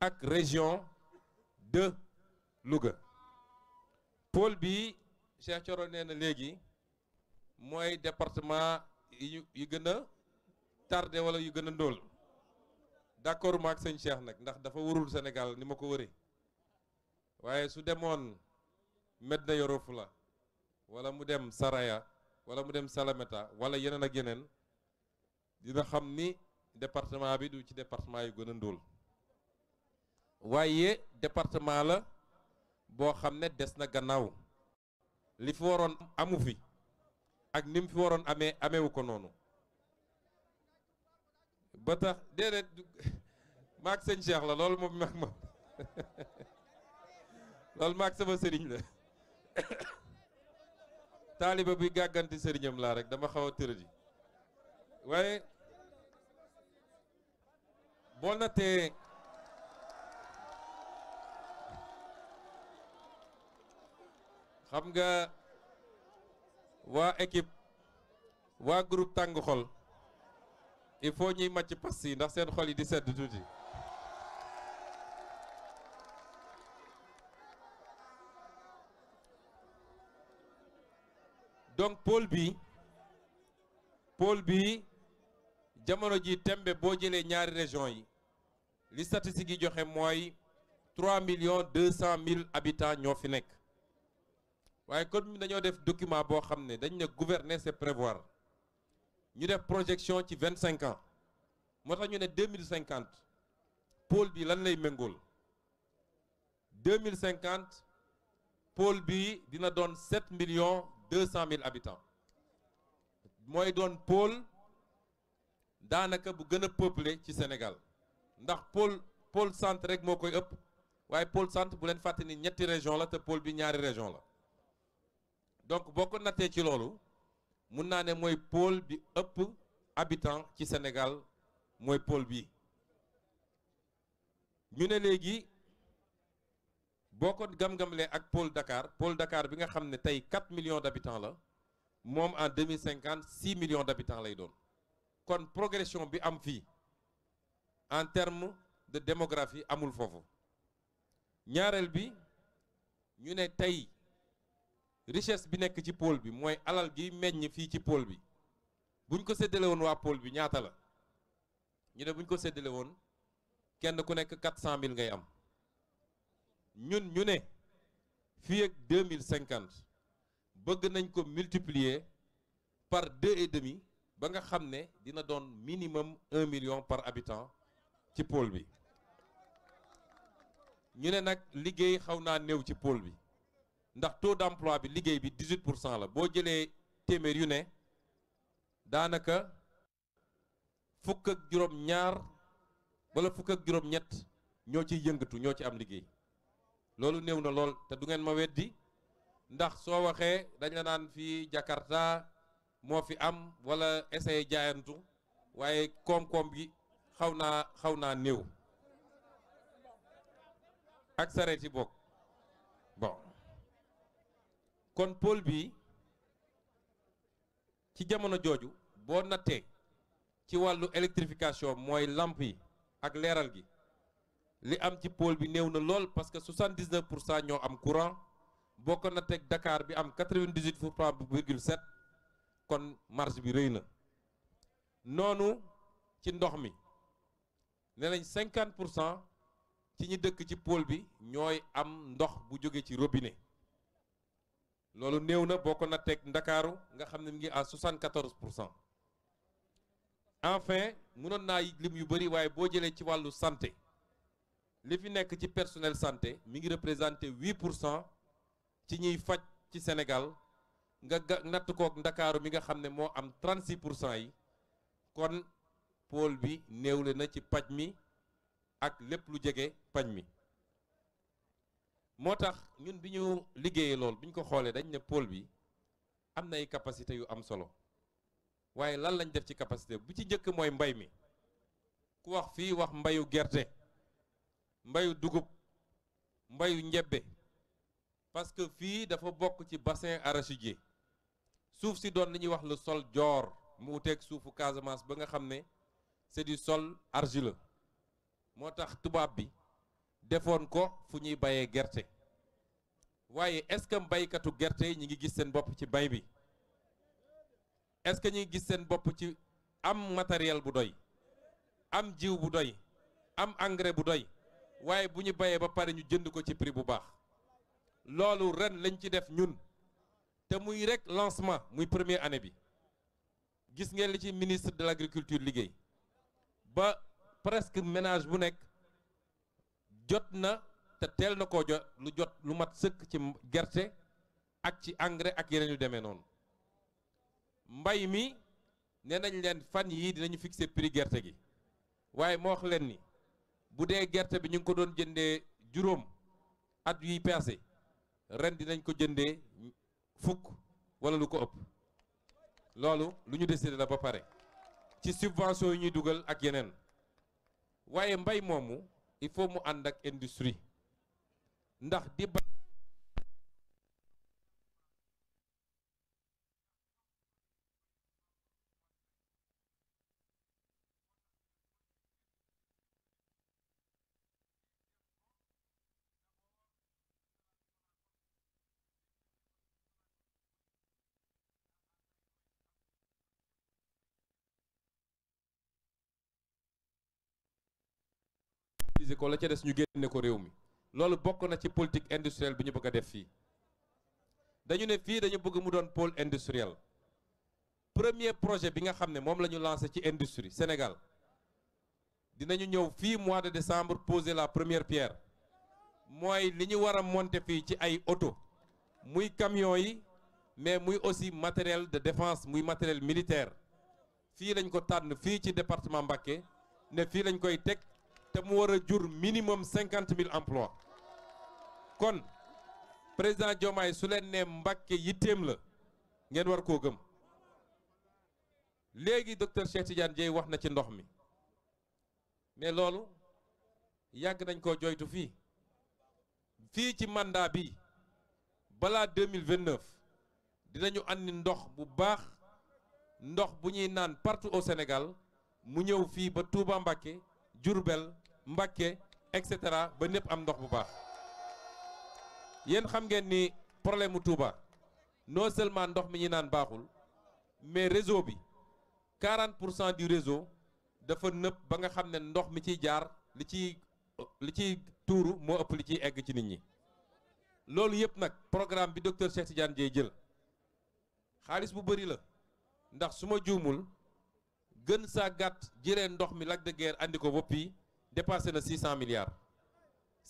ak région de Louga pôle bi Cheikh Thioro nee na léegi mooy département yu yu gën a tardé wala yu gën a ndóol d'accord ma ak sëñ Cheikh nag ndax dafa warul Sénégal ni ma ko wëree waaye su demoon Medina Yoro Fula wala mu dem Saraya wala mu dem Salameta wala yeneen ak yeneen dina xam ni département bi du ci département yu gën a ndóol waaye département la boo xam ne des na gannaaw li fi waroon amu fi ak ni fi waroon amee amewu ko noonu ba tax déedéet maag sëñ Cheikh la loolu moom maag moom loolu maag sama sëriñ la taaliba bi gàgganti sëriñam laa rek dama xaw a tëradi waaye boo natee xam nga waa équipe waa groupe tàng xol il faut ñuy macc pass yi ndax seen xol yi di sedd tuuti donc pôle bi pôle bi jamono ji tembe boo jëlee ñaari région yi li statistiques yi joxe mooy trois millions deux cent mille habitants ñoo fi nekk waaye code dañoo def document boo xam ne dañu ne gouverner c'est prévoir ñu def projection ci vingt cinq ans moo tax ñu ne deux mille cinquante pôle bi lan lay méngool deux mille cinquante pôle bi dina doon sept million deux cent mille habitants mooy doon pôle daanaka bu gën a peuplé ci Sénégal ndax pôle pôle centre rek moo koy ëpp waaye pôle centre bu leen fàtte ni ñetti région la te pôle bi ñaari région la donc boo ko nattee ci loolu mun naa ne mooy pôle bi ëpp habitant ci senegal mooy pôle bi ñu ne léegi boo ko gam-gamlee ak pôle Dakar pôle Dakar bi nga xam ne tey 4 millions d'habitants la moom en cinquante 6 million d'habitants lay doon kon progression bi am fii en termes de démographie amul foofu ñaareel bi ñu ne tey richesse bi nekk ci pool bi mooy alal gi meññ fii ci pool bi buñ ko séddale waa pool bi ñaata la ñu ne buñ ko séddale woon kenn ku nekk quatre cent mille ngay am ñun ñu ne fii ak deux cinquante bëgg nañ ko multiplier par deux et demi ba nga xam ne dina doon minimum un million par habitant ci pool bi ñu ne nag liggéey xaw naa néew ci pôle bi ndax taux demplois bi liggéey bi 18 pour cent la boo jëlee téeméer yu ne daanaka fukk ak juróom fukk ak ñett ñoo ciy yëngatu ñoo ci am liggéey loolu néew na lool te du ngeen ma weddi ndax soo waxee dañ la naan fii Jakarta moo fi am wala essayé jaayantu waaye koom-koom bi xaw naa xaw naa néew ak sareet yi bokk kon pôle bii ci jamono jooju boo nattee ci wàllu électrification mooy lamp yi ak leeral gi li am ci pôle bi néew na lool parce que 79 pour cent ñoo am courant boo ko natteeg Dakar bi am 98 pour cent virgule 7 kon marge bi rëy na noonu ci ndox mi ne nañ 50 pour cent ci ñi dëkk ci pôle bi ñooy am ndox bu jóge ci robinet loolu néew na boo ko natteeg ndakaaru nga xam ne mi ngi à 74 pour cent enfin mënoon naa lim yu bëri waaye boo jëlee ci wàllu santé li fi nekk ci personnel santé mi ngi représenté 8 pour cent ci ñuy faj ci Sénégal nga ga natt koog ndakaaru bi nga xam ne moo am 36 pour cent yi kon pôle bi néewle na ci paj mi ak lépp lu jege paj mi moo tax ñun bi ñu liggéeyee lool bi ñu ko xoolee dañ ne pôle bi am na ay capacité yu am solo waaye lan lañ def ci capacité bu ci njëkk mooy mbay mi ku wax fii wax mbayu gerte mbayu dugub mbayu njebbe parce que fii dafa bokk ci bassin arachidier suuf si doon li ñuy wax la sol joor mu wuteeg suufu Casamance ba nga xam ne c'est du sol argileux moo tax tubaab bi defoon ko fu ñuy bayee gerte waaye est-ce que baykatu gerte yi ñi ngi gis seen bopp ci bay bi est-ce que ñi ngi gis seen bopp ci am matériel bu doy am jiw bu doy am engrais bu doy waaye bu ñu bayee ba pare ñu jënd ko ci prix bu baax loolu ren lañ ci def ñun te muy rek lancement muy premier année bi gis ngeen li ci ministre de l'agriculture liggéey ba presque ménage bu nekk jot na te teel na ko jot lu jot lu mat sëkk ci gerte ak ci engrais ak yeneen yu demee noonu mbay mi nee nañ leen fan yii dinañu fixer prix gerte gi waaye moo wax leen ni bu dee gerte bi ñu ngi ko doon jëndee juróom at yuy passé ren dinañ ko jëndee fukk wala lu ko ëpp loolu lu ñu décidé la ba pare ci subvention yi ñuy dugal ak yeneen waaye mbay moomu il faut mu ànd ak industrie ndax di ba utiliser ko la ca des ñu génne ko réew mi loolu bokk na ci politique industrielle bi ñu bëgg a def fii dañu ne fii dañu bëgg mu doon pôle industriel premier projet bi nga xam ne moom la ñu lancé ci industrie Sénégal dinañu ñëw fii mois de décembre poser la première pierre mooy li ñu war a monter fii ci ay oto muy camion yi mais muy aussi matériel de défense muy matériel militaire fii lañ ko tànn fii ci département Mbacké ne fii lañ koy teg te mu war a jur minimum cinquante mille emplois kon président Diomaye su leen ne Mbàkke yitteem la ngeen war koo gëm léegi docteur Cheikh Tidiane Dieye wax na ci ndox mi mais loolu yàgg nañ koo joytu fii fii ci mandat bi balaa 2029 dinañu andi ndox bu baax ndox bu ñuy naan partout au Sénégal mu ñëw fii ba Touba Mbacké Diourbel Mbacké et cetera ba ñëpp am ndox bu baax yéen xam ngeen ni problème mu Touba noo seulement ndox mi ñu naan baaxul mais réseau bi 40 pour cent du réseau dafa nëpp ba nga xam ne ndox mi ciy jaar li ciy li ciy tuuru moo ëpp li ciy egg ci nit ñi. loolu yëpp nag programme bi docteur Cheikh Tidiane Dieye jël xaalis bu bëri la ndax su ma juumul gën saa gàtt jëlee ndox mi Lac de Guiers andi ko boppi dépassé na 600 milliards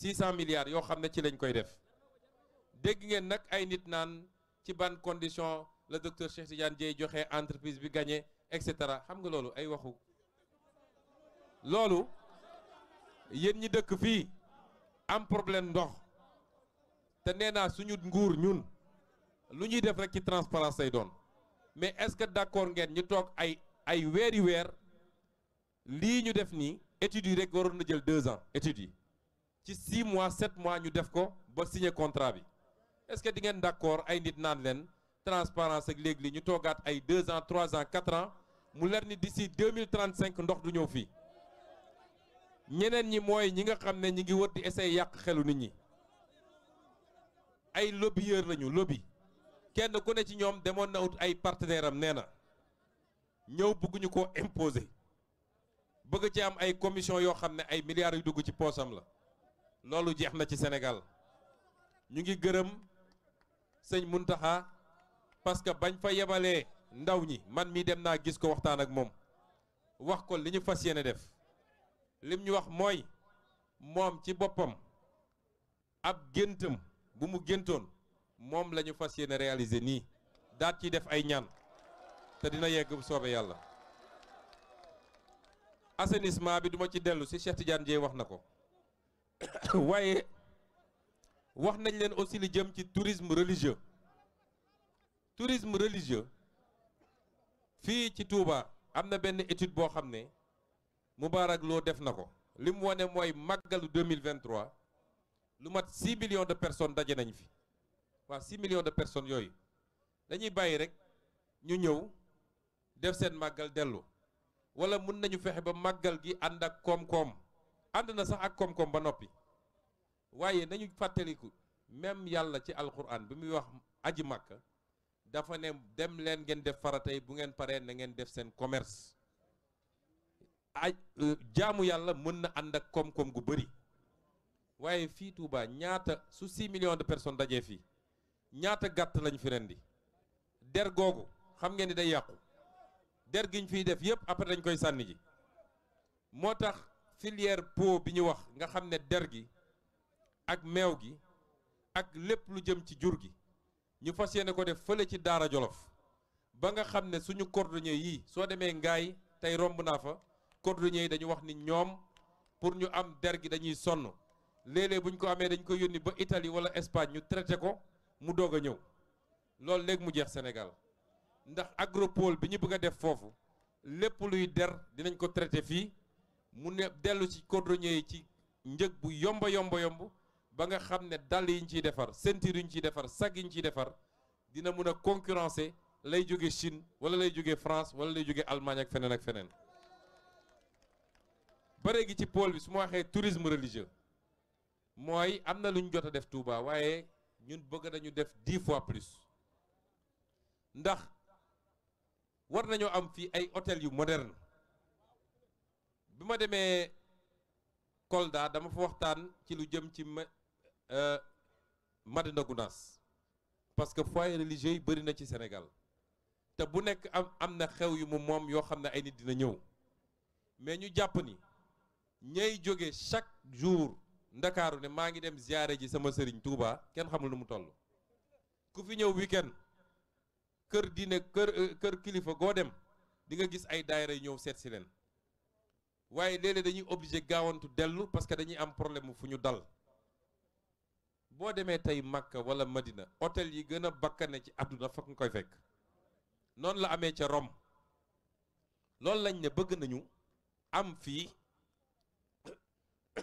600 milliards yoo xam ne ci lañ koy def dégg ngeen nag ay nit naan ci ban condition la docteur Cheikh Tidiane Dièye joxe entreprise bi gagné et cetera xam nga loolu ay waxu loolu yéen ñi dëkk fii am problème ndox te nee naa suñu nguur ñun lu ñuy def rek ci transparence lay doon mais est-ce que d'accord ngeen ñu toog ay ay weeri weer lii ñu def nii études yi rek waroon na jël deux ans études yi ci six mois sept mois ñu def ko ba signer contrat bi est-ce que di ngeen d'accord ay nit naan leen transparence ak léegi li ñu toogaat ay deux ans trois ans quatre mu leer ni d'ici deux mille trente cinq ndox du ñëw fii ñeneen ñi mooy ñi nga xam ne ñi ngi wër di essayer yàq xelu nit ñi ay lobbyeur lañu lobby kenn ku ne ci ñoom demoon na ut ay partenaire am nee na ñëw bugguñu ko imposer bëgg ci am ay commission yoo xam ne ay milliards yu dugg ci poosam la loolu jeex na ci senegal ñu ngi gërëm sëñ Muntaxa parce que bañ fa yebalee ndaw ñi man mii dem naa gis ko waxtaan ak moom wax ko li ñu fas yéene def lim ñu wax mooy moom ci boppam ab géntam bu mu géntoon moom la ñu fas yéene réaliser nii daat ciy def ay ñaan te dina yegg bu soobee yàlla assainissement bi duma ci dellu si Cheikh Tidiane Dieye wax na ko waaye wax nañ leen aussi li jëm ci tourisme religieux tourisme religieux fii ci Touba am na benn étude boo xam ne Moubarak loo def na ko li mu wane mooy màggalu 2023 lu mat 6 millions de personnes daje nañ fi waa 6 millions de personnes yooyu dañuy bàyyi rek ñu ñëw def seen màggal dellu wala mën nañu fexe ba màggal gi ànd ak koom-koom ànd na sax ak koom-koom ba noppi waaye nañu fàttaliku même yàlla ci alquran bi muy wax aji màkka dafa ne dem leen ngeen def faratay bu ngeen paree na ngeen def seen commerce ay euh, jaamu yàlla mën na ànd ak koom-koom gu bëri waaye fii Touba ñaata su 6 million de personnes dajee fii ñaata gàtt lañu fi rendi der googu xam ngeen ni day yàqu der gi ñu fiy def yëpp après dañ koy sànni ji moo tax filière peau bi ñu wax nga xam ne der gi ak meew gi ak lépp lu jëm ci jur gi ñu fas yéene ko def fële ci daara jolof ba nga xam ne suñu cordonniers yii soo demee ngaay tey romb naa fa cordonniers yi dañu wax ni ñoom pour ñu am der gi dañuy sonn léeg buñ ko amee dañ koy yónni ba itali wala Espagne ñu traité ko mu doog a ñëw loolu léegi mu jeex Sénégal ndax agropole bi ñu bëgg a def foofu lépp luy der dinañ ko traité fii mu ne dellu ci cordonnier yi ci njëg bu yomba yomba yomb ba nga xam ne dàll yi ñu ciy defar ceinture yi ñu ciy defar sag yi ñu ciy defar dina mun a concurrencer lay jóge Chine wala lay jóge France wala lay jóge Allemagne ak feneen ak feneen bare gi ci pôle bi su ma waxee tourisme religieux mooy am na lu ñu jot a def Touba waaye ñun bëgg nañu def di fois plus ndax war nañoo am fii ay hôtel yu moderne bi ma demee Kolda dama fa waxtaan ci lu jëm ci euh, Madina Gounass parce que foyer religieux yi bëri na ci Sénégal te bu nekk am am na xew yu mu moom yoo xam ne ay nit dina ñëw mais ñu jàpp ni ñay jóge chaque jour ndakaaru ne maa ngi dem ziyaare ji sama sëriñ Touba kenn xamul nu mu toll ku fi ñëw kenn kër diine kër euh, kër kilifa goo dem di nga gis ay daayira yu ñëw seet si leen waaye léeg-léeg dañuy obligé gaawantu dellu parce que dañuy am problème fu ñu dal boo demee tey Makka wala Madina hôtel yi gën a bakkane ci àdduna fokk nga koy fekk noonu la amee ca Rome loolu lañ ne bëgg nañu am fii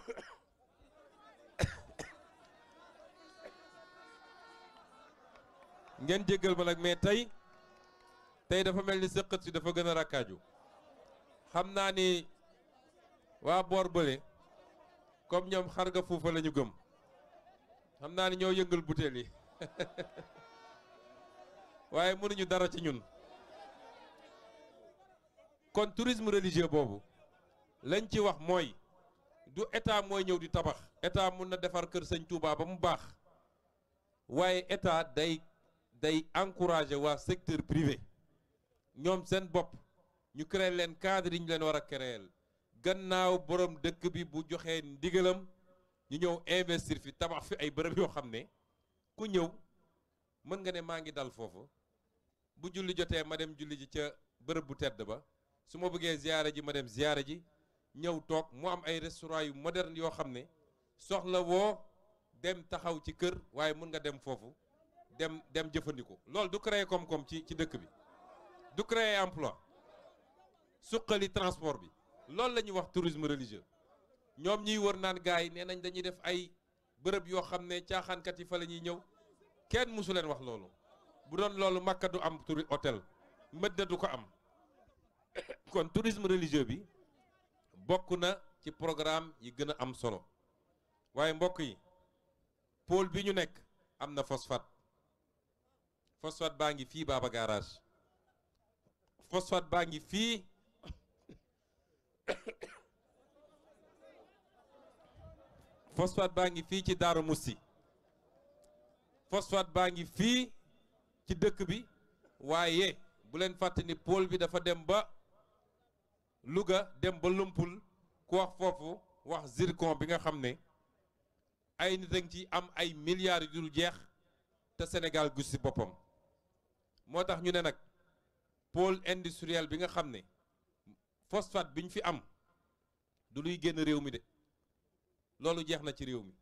ngeen jéggal ma nag mais tey tey dafa mel ni sëqat si dafa gën a rakkaaju xam naa ni waa boor bële comme ñoom xar nga fuufa la ñu gëm xam naa ni ñoo yëngal butéel yi waaye mënuñu dara ci ñun kon tourisme religieux boobu lañ ci wax mooy du état mooy ñëw di tabax état mun na defar kër sañ Touba ba mu baax waaye état day day encourager waa secteur privé ñoom seen bopp ñu créer leen cadre yi ñu leen war a créer gannaaw borom dëkk bi bu joxee ndigalam ñu ñëw investir fi tabax fi ay bërëb yoo xam ne ku ñëw mën nga ne maa ngi dal foofu bu julli jotee ma dem julli ji ca bërëb bu tedd ba su ma bëggee ziyaara ji ma dem ziyaara ji ñëw toog mu am ay restaurant yu moderne yoo xam ne soxla woo dem taxaw ci kër waaye mën nga dem foofu dem dem jëfandikoo loolu du créer koom-koom ci ci dëkk bi du créer emploi suqali transport bi loolu la ñuy wax tourisme religieux ñoom ñiy wër naan gars yi nee nañ dañuy def ay bërëb yoo xam ne caaxaankat yi fa la ñuy ñëw kenn mosuleen wax loolu bu doon loolu Makka du am turi hôtel Medina du ko am kon tourisme religieux bi bokk na ci programme yi gën a am solo waaye mbokk yi pôle bi ñu nekk am na phosphate phosphate baa ngi fii Baba garage phosphate baa ngi fii phosphate baa ngi fii ci Darou Moussi phosphate baa ngi fii ci dëkk bi waaye bu leen fàtte ni pôle bi dafa dem ba Louga dem ba Lumpul ku wax foofu wax zircon bi nga xam ne ay nit dañ ci am ay milliards yu dul jeex te senegal gus si boppam moo tax ñu ne nag pôle industriel bi nga xam ne phosphate bi ñu fi am du luy génn réew mi de loolu jeex na ci réew mi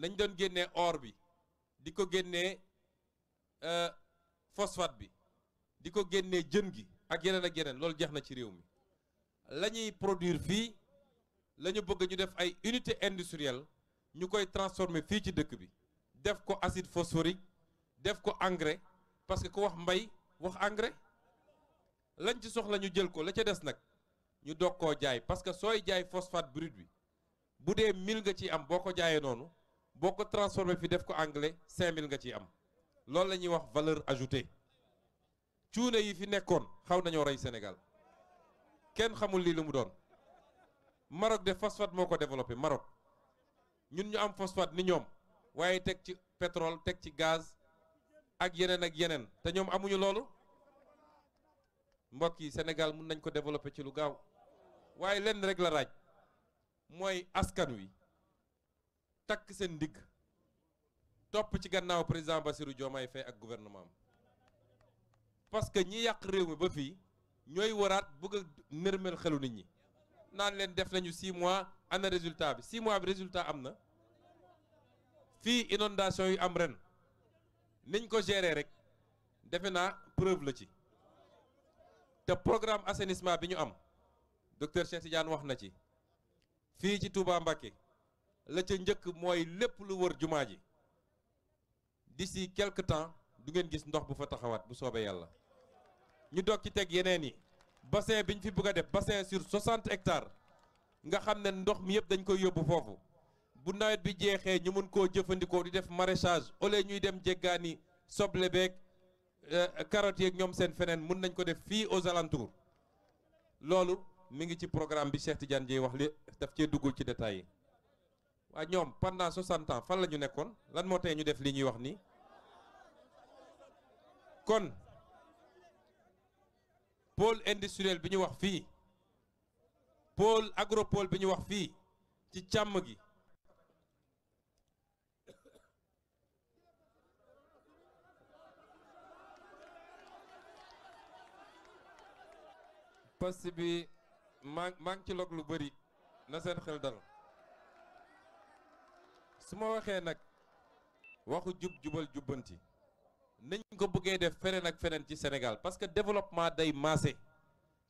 lañ doon génnee or bi di ko génnee euh, phosphate bi di ko génnee jën gi ak yeneen ak yeneen loolu jeex na ci réew mi la ñuy produire fii lañu bëgg ñu def ay unité industrielle ñu koy transformer fii ci dëkk bi def ko acide phosphorique def ko engrais parce que wax mbay wax engrais lañ ci soxla ñu jël ko la ca des nag ñu dog koo jaay parce que sooy jaay phosphate brut bi bu dee 1000 nga ciy am boo ko jaayee noonu boo ko transformé fi def ko anglais 5000 nga ciy am loolu la ñuy wax valeur ajoutée cuune yi fi nekkoon xaw nañoo rey Sénégal kenn xamul lii lu mu doon Maroc de phosphate moo ko développé Maroc ñun ñu am phosphate ni ñoom waaye teg ci pétrole teg ci gaz ak yeneen ak yeneen te ñoom amuñu loolu. mbokk yi Sénégal mun nañ ko développer ci lu gaaw waaye lenn rek la raaj mooy askan wi takk seen ndigg topp ci gannaaw président Bassirou Diomaye Faye ak gouvernement am parce que ñi yàq réew mi ba fii ñooy waraat bëgg a nërmeel xelu nit ñi naan leen def nañu 6 mois ana résultat bi 6 mois bi résultat am na fii inondation yu am ren niñ ko gérer rek defe naa preuve la ci te programme assainissement bi ñu am docteur Cheikh Tidiane wax na ci fii ci Touba Mbacké la ca njëkk mooy lépp lu wër jumaa ji d'ici quelque temps du ngeen gis ndox bu fa taxawaat bu soobee yàlla ñu doog ci teg yeneen yi bassin bi ñu fi bëgg a def bassin sur 60 hectares nga xam ne ndox mi yëpp dañ koy yóbbu foofu bu nawet bi jeexee ñu mën koo jëfandikoo di def maraîchage au ñuy dem jéggaani soble beeg Euh, carottes yeeg ñoom seen feneen mën nañ ko def fii aux alentours loolu mu ngi ci programme bi Cheikh Tidiane Dièye wax li daf cee duggul ci détails yi waa ñoom pendant 60 ans fan la ñu nekkoon lan moo tee ñu def lii ñuy wax nii kon pôle industriel bi ñu wax fii agro agropole bi ñu wax fii ci càmm gi poste bi maa maa ngi ci loog lu bari na seen xel dal su ma waxee nag waxu jub jubal jubbanti nañ ko bëggee def feneen ak feneen ci senegal parce que développement day maase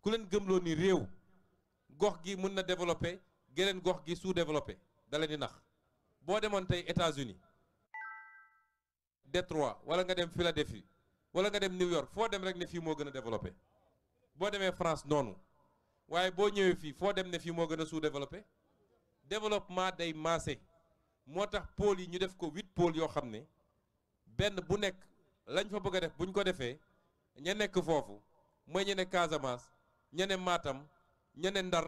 ku leen gëmloo ni réew gox gi mun na développé geneen gox gi sous développé da leen nax boo demoon tey États-Unis Détroit wala nga dem Philadelphie wala nga dem New York foo dem rek ne fii moo gën a développé boo demee France noonu waaye boo ñëwee fii foo dem ne fii moo gën a sous-développé développement day maase moo tax pôles yi ñu def ko huit pôles yoo xam ne benn bu nekk lañ fa bëgg a def buñ ko defee ña nekk foofu mooy ne Casamance ñene Matam ñene Ndar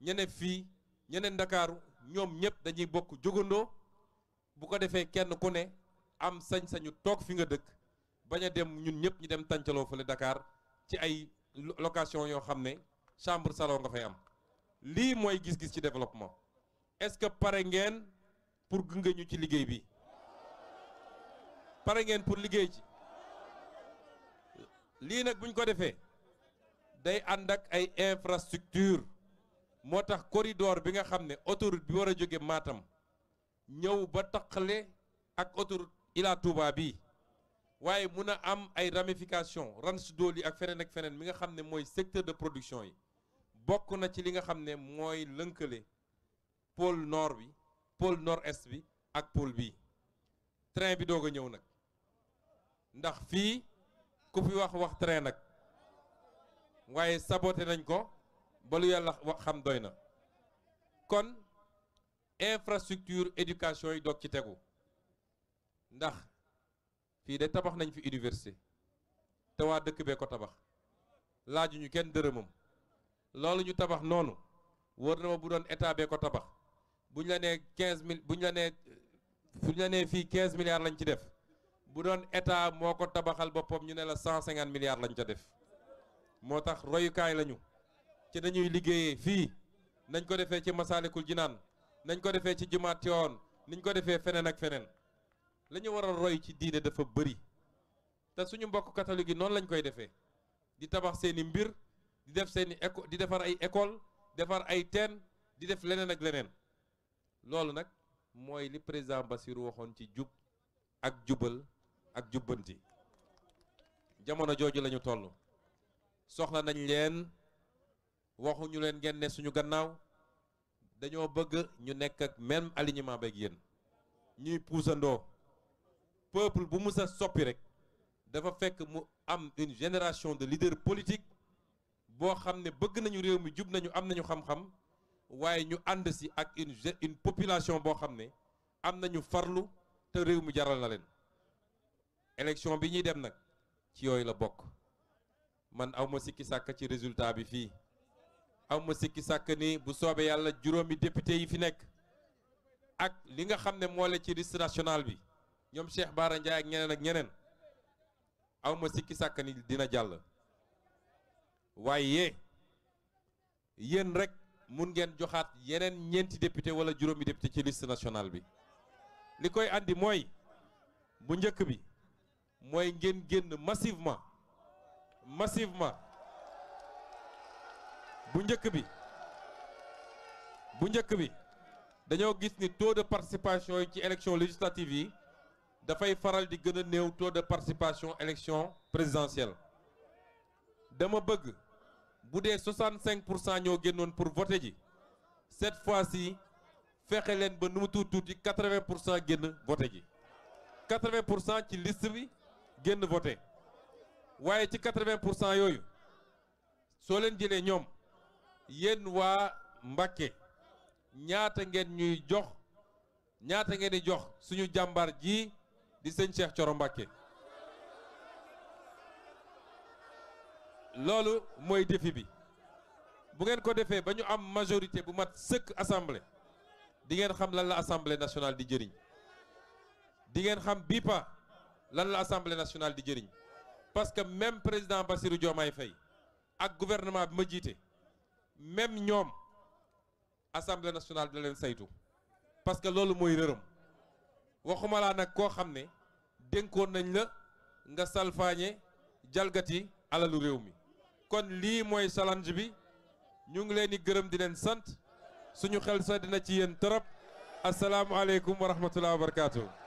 ñene fii ñene Ndakaaru ñoom ñëpp dañuy bokk jógandoo bu ko defee kenn ku ne am sañ-sañu toog fi nga dëkk bañ a dem ñun ñëpp ñu dem tàncaloo fële Dakar ci ay location yoo xam ne chambre salo nga fay am lii mooy gis-gis ci développement est-ce que pare ngeen pour gunge ñu ci liggéey bi pare ngeen pour liggéey ci lii nag buñ ko defee day ànd ak ay infrastructure moo tax corridor bi nga xam ne autorite bi war a jóge maatam ñëw ba taqale ak autoroute Ila Touba bi waaye mun a am ay ramification rans dool yi ak feneen ak feneen mi nga xam ne mooy secteur de production yi bokk na ci li nga xam ne mooy lënkale pôle nord bi pôle nord est bi ak pôle bii train bi doog a ñëw nag ndax fii ku fi wax wax train nag waaye saboté nañ ko ba lu yàlla wax xam doy na kon infrastructure éducation yi doog ci tegu ndax fii de tabax nañu fi université te waa dëkk bee ko tabax laaju ñu kenn dërëmam loolu ñu tabax noonu wóor na ma bu doon état bee ko tabax bu ñu la nee quinze mille bu ñu la nee fii quinze milliards lañ ci def bu doon état moo ko tabaxal boppam ñu ne la cent cinquante milliards lañ ca def moo tax royukaay lañu ci dañuy liggéeyee fii nañ ko defee ci Masaalikul Jinaan nañ ko defee ci jumaat yoon niñ ko defee feneen ak feneen la ñu war a roy ci diine dafa bëri te suñu mbokk katolik yi noonu lañ koy defee di tabax seen i mbir di def seen i di defar ay école defar ay teen di def leneen ak leneen loolu nag mooy li président Bassirou waxoon ci jub ak jubal ak jubbanti jamono jooju la ñu toll soxla nañ leen waxuñu leen ngeen ne suñu gannaaw dañoo bëgg ñu nekk ak même alignement beeg yéen ñuy puusandoo peuple bu mus soppi rek dafa fekk mu am une génération de leaders politique boo xam ne bëgg nañu réew mi jub nañu am nañu xam-xam waaye ñu ànd si ak une une population boo xam ne am nañu farlu te réew mi jaral na leen élection bi ñuy dem nag ci yooyu la bokk man awma sikki sàkk ci résultat bi fii awma sikki sàkk ni bu soobee yàlla juróomi député yi fi nekk ak li nga xam ne moole ci liste bi ñoom Cheikh Baara Ndiaye ak ñeneen ak ñeneen awma sikki sàkk ni dina jàll waaye yéen rek mun ngeen joxaat yeneen ñeenti député wala juróomi député ci liste nationale bi li koy andi mooy bu njëkk bi mooy ngeen génn massivement massivement bu njëkk bi bu njëkk bi dañoo gis ni taux de participation yi ci élection législative yi dafay faral di gën a néew taux de participation élection présidentielle dama bëgg bu dee 65 pour cent ñoo génnoon pour voter ji cette fois-ci fexe leen ba nu mu tuuti tuuti pour cent génn voter ji 80 pour cent ci liste bi génn voter waaye ci 80 pour cent yooyu soo leen jëlee ñoom yéen waa Mbacké ñaata ngeen ñuy jox ñaata ngeen di jox suñu jàmbar ji di sëñ Cheikh Thioro Mbacké loolu mooy défi bi bu ngeen ko defee ba ñu am majorité bu mat sëkk assemblée di ngeen xam lan la assemblée nationale di jëriñ di ngeen xam pa lan la assemblée nationale di jëriñ parce que même président Bassirou Diomaye Faye ak gouvernement bi ma jiite même ñoom assemblée nationale da leen saytu parce que loolu mooy rërëm waxuma laa nag koo xam ne dénkoon nañ la nga salfaañe jalgati alalu réew mi kon lii mooy challenge bi ñu ngi leen di gërëm di leen sant suñu xel sa dina ci yéen trop asalaamualeykum wa rahmatulah wa barakaatu.